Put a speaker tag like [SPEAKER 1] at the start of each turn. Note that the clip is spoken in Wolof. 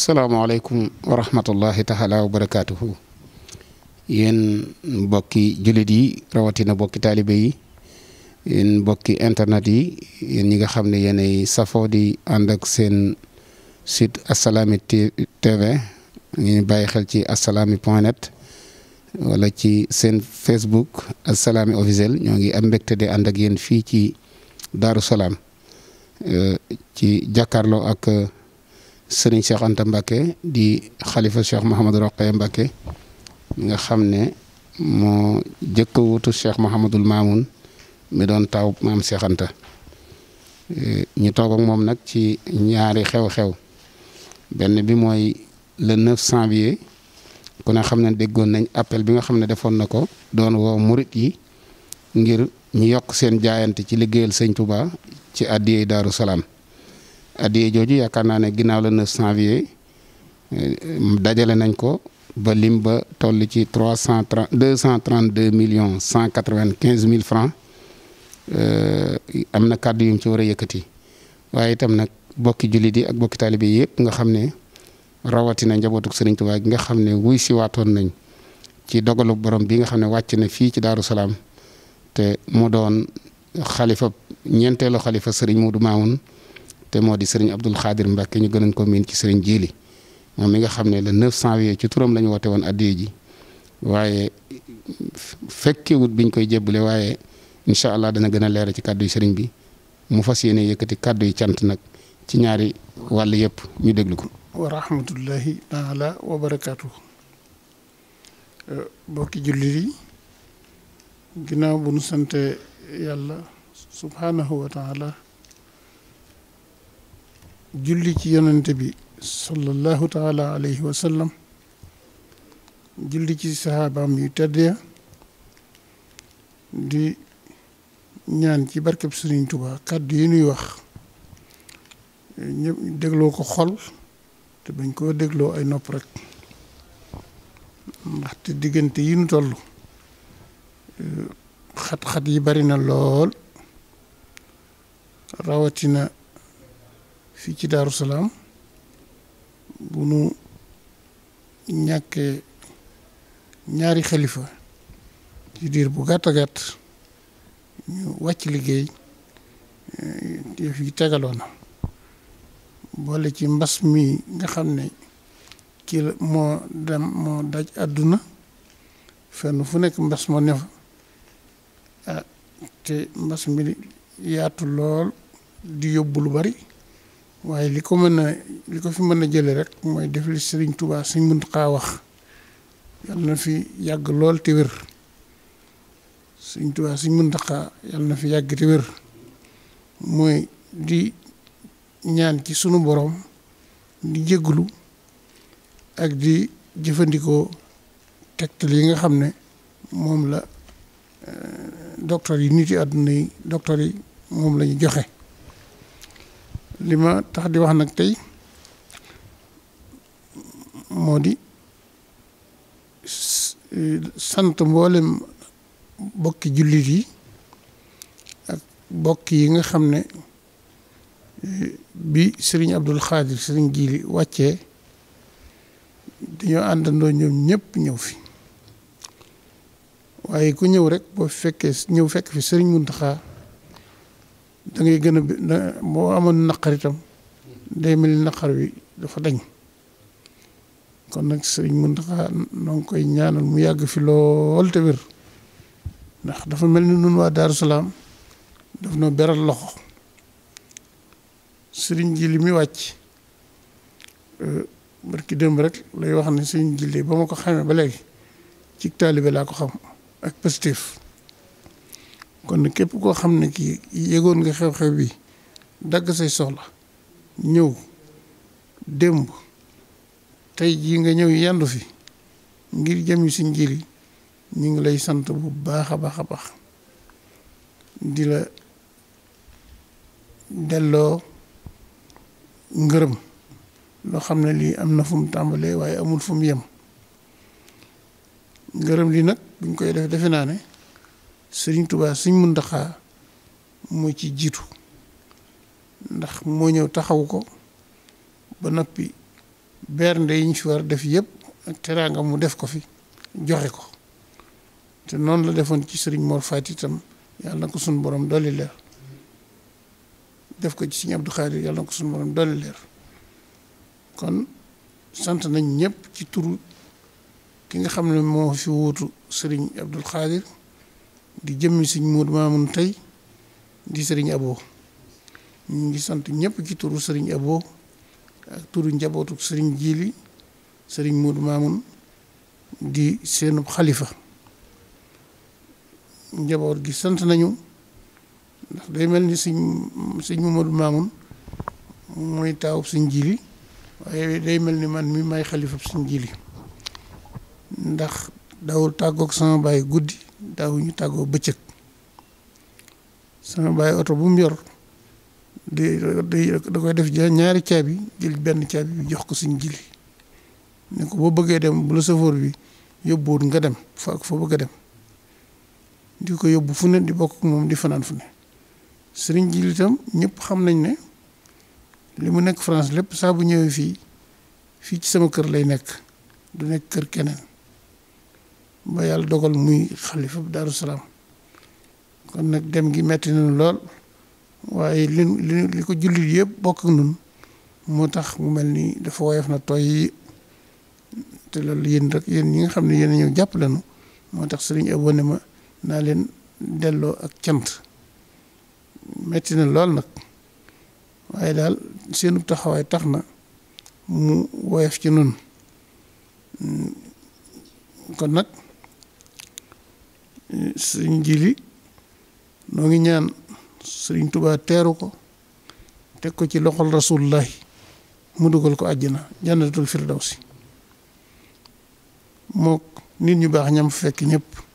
[SPEAKER 1] salaamaaleykum wa rahmatullahi taala wa barakaatuhu yéen mbokki jullit yi rawatina mbokki taalibe yi yéen mbokki internet yi yéen ñi nga xam ne yéenay safoo di ànd ak seen site asalaami tv ñu bàyyi xel ci asalaami point net wala ci seen facebook asalaami officiel ñoo ngi am mbégte de ànd ak yéen fii ci Daaru Salaam euh, ci jàkkaarloo ak sëriñ Cheikh Anta di xalifa Cheikh Mouhamadou Roqe Mbacke nga xam ne moo jëkk a wutu Cheikh Mouhamadul Mamoun mi doon taw maam Cheikh Anta eh, ñu toog moom nag ci ñaari xew-xew benn bi mooy le 9 janvier ku xam ne déggoon nañ appel bi nga xam ne defoon na ko doon woo murit yi ngir ñu yokk seen jaayante ci liggéeyal sëñ Touba ci àddiyee Daaru Salaam. addiye jooju yaakaar naa ne ginnaaw la 9 janvier eh, dajale nañ ko ba lim ba toll ci trois cent trente deux cent trente deux millions cent quatre vingt quinze mille francs eh, am na kàddu yu mu ci war a yëkkati waaye itam nag bokki jullit yi ak bokki taalibe yi yëpp nga xam ne rawatina njabootuk Sëriñ Tuubaa gi nga xam ne wuy si waatoon nañ ci dogalu borom bi nga xam ne wàcc na fii ci Daaru Salaam te mu doon xalifa ñeenteelu xalifa Sëriñ Muudu Maawun te moo di sëriñ Abdul Xaadir Mbàkke ñu gënoon ko miin ci sëriñ Jili moom mi nga xam ne le 9 janvier ci turam la ñu woote woon addiya ji waaye fekkewut biñ koy jébbale waaye incha allah dana gën a leeral ci kàddu yi sëriñ bi mu fas yéene yëkkati kàddu yi cant nag ci ñaari wàll yëpp ñu déglu ko.
[SPEAKER 2] wa rahmatullahi taala wa barakaatu. Euh, bokki jullit yi ginnaaw bu nu sante yàlla subhaanahu wa julli ci yonente bi sallallahu taala alayhi wa julli ci saxaabaam yu teddeya di ñaan ci barkeb Sëriñ Tuubaa kàddu yi nuy wax ñëpp dégloo ko xol te bañ koo dégloo ay nopp rek ndaxte diggante yi nu toll xat-xat yi bari na lool rawatina fii ci Daaru Salaam bu nu ñàkkee ñaari xalifa ci diir bu gàtt gàtt ñu wàcc liggéey eh, yëf tegaloo na boole ci mbas mi nga xam ne ci moo dem moo daj àdduna fenn fu nekk mbas moo ne fa ah te mbas mi yaatu lool di yóbbu lu bari waaye li ko mën a li ko fi mën a jële rek mooy def li sëriñ Tuubaa suñ mënut xaa wax yal na fi yàgg lool te wér suñ tubaa suñ mënut xaa yal na fi yàgg te wér mooy di ñaan ci sunu boroom di jégglu ak di jëfandikoo tegtal yi nga xam ne moom la euh, docteur yi nit yi àdduna yi docteur yi moom lañu joxe li ma tax di wax nag tey moo di sant mboolem bokki jullit yi ak bokk yi nga xam ne bi sëriñ Abdul Xaadir sëriñ Jiili wàccee dañoo àndandoo ñoom ñëpp ñëw fi waaye ku ñëw rek boo fekkee ñëw fekk fi sëriñ Muntaxa dangay gën a boo amoon naqar itam day mel ni naqar wi dafa dañ kon nag sëriñ Mountakha noo ngi koy ñaanal mu yàgg fi lool te wér ndax dafa mel ni nun waa Daaru daf noo beral loxo sëriñ ji li muy wàcc euh, ki démb rek lay wax ne sëriñ ji li ba ma ko xamee ba léegi ci taalibe laa ko xam ak positif kon képp koo xam ne kii yégoon nga xew-xew bi dagg say soxla ñëw démb tey jii nga ñëw yandu fi ngir jëm si njëri ñu ngi lay sant bu baax a baax a baax di la delloo ngërëm loo xam ne lii am na fu mu tàmbalee waaye amul fu mu yem ngërëm li nag buñ koy def defe naa ne sëriñ Tuubaa sëñ Muntaxaa moo ci jiitu ndax moo ñëw taxawu ko ba noppi bernde yi ñu fi war def yëpp ak teraanga mu def ko fi joxe ko te noonu la defoon ci sëriñ Mor Faati itam yàlla na ko suñu borom dolli leer def ko ci sëriñ Abdou Khadir yàlla na ko suñu borom dolli leer kon sant nañ ñëpp ci turu ki nga xam ne moo fi wuutu sëriñ Abdou Khadir di jëmmi sëñ Modou Mamoun tey di sëriñ Abo ñu ngi sant ñëpp ci turu sëriñ Abo ak turu njabootu sëriñ Jili sëriñ Modou Mamoun di seenub xalifa njaboot gi sant nañu ndax day mel ni mu sëñ Modou Mamoun mooy taawub sëñ Jili waaye day mel ni man mi may xalifa sëñ Jili ndax dawul tàggook sama baay guddi daawuñu tàggoo bëccëg sama bàyyi oto bu mu yor di da koy def ja ñaari caabi jël benn caabi bi jox ko suñ jili ne ko boo bëggee dem bu la safoor bi yóbbuwut nga dem fa ak foo dem di ko yóbbu fu ne di bokk moom di fanaan fu ne sëriñ jili itam ñépp xam nañ ne li mu nekk France lépp saa bu ñëwee fii fii ci sama kër lay nekk du nekk kër keneen ba yàlla dogal muy xalifa Daaru Salaam kon nag dem gi metti nañu lool waaye li li ko jullit yëpp bokk nun moo tax mu mel nii dafa woyof na tooy te loolu yéen rek yéen ñi nga xam ne yéen a ñëw jàpp lañu moo tax sëriñ abonné ma naa leen delloo ak cant metti na lool nag waaye daal seenu taxawaay tax na mu woyof ci nun kon nag sëriñ Jili noo ngi ñaan sëriñ Tuubaa teeru ko teg ko ci loxol rasulullahi mu dugal ko àjjana jannatul firdawsi mook nit ñu baax ñam fekk ñëpp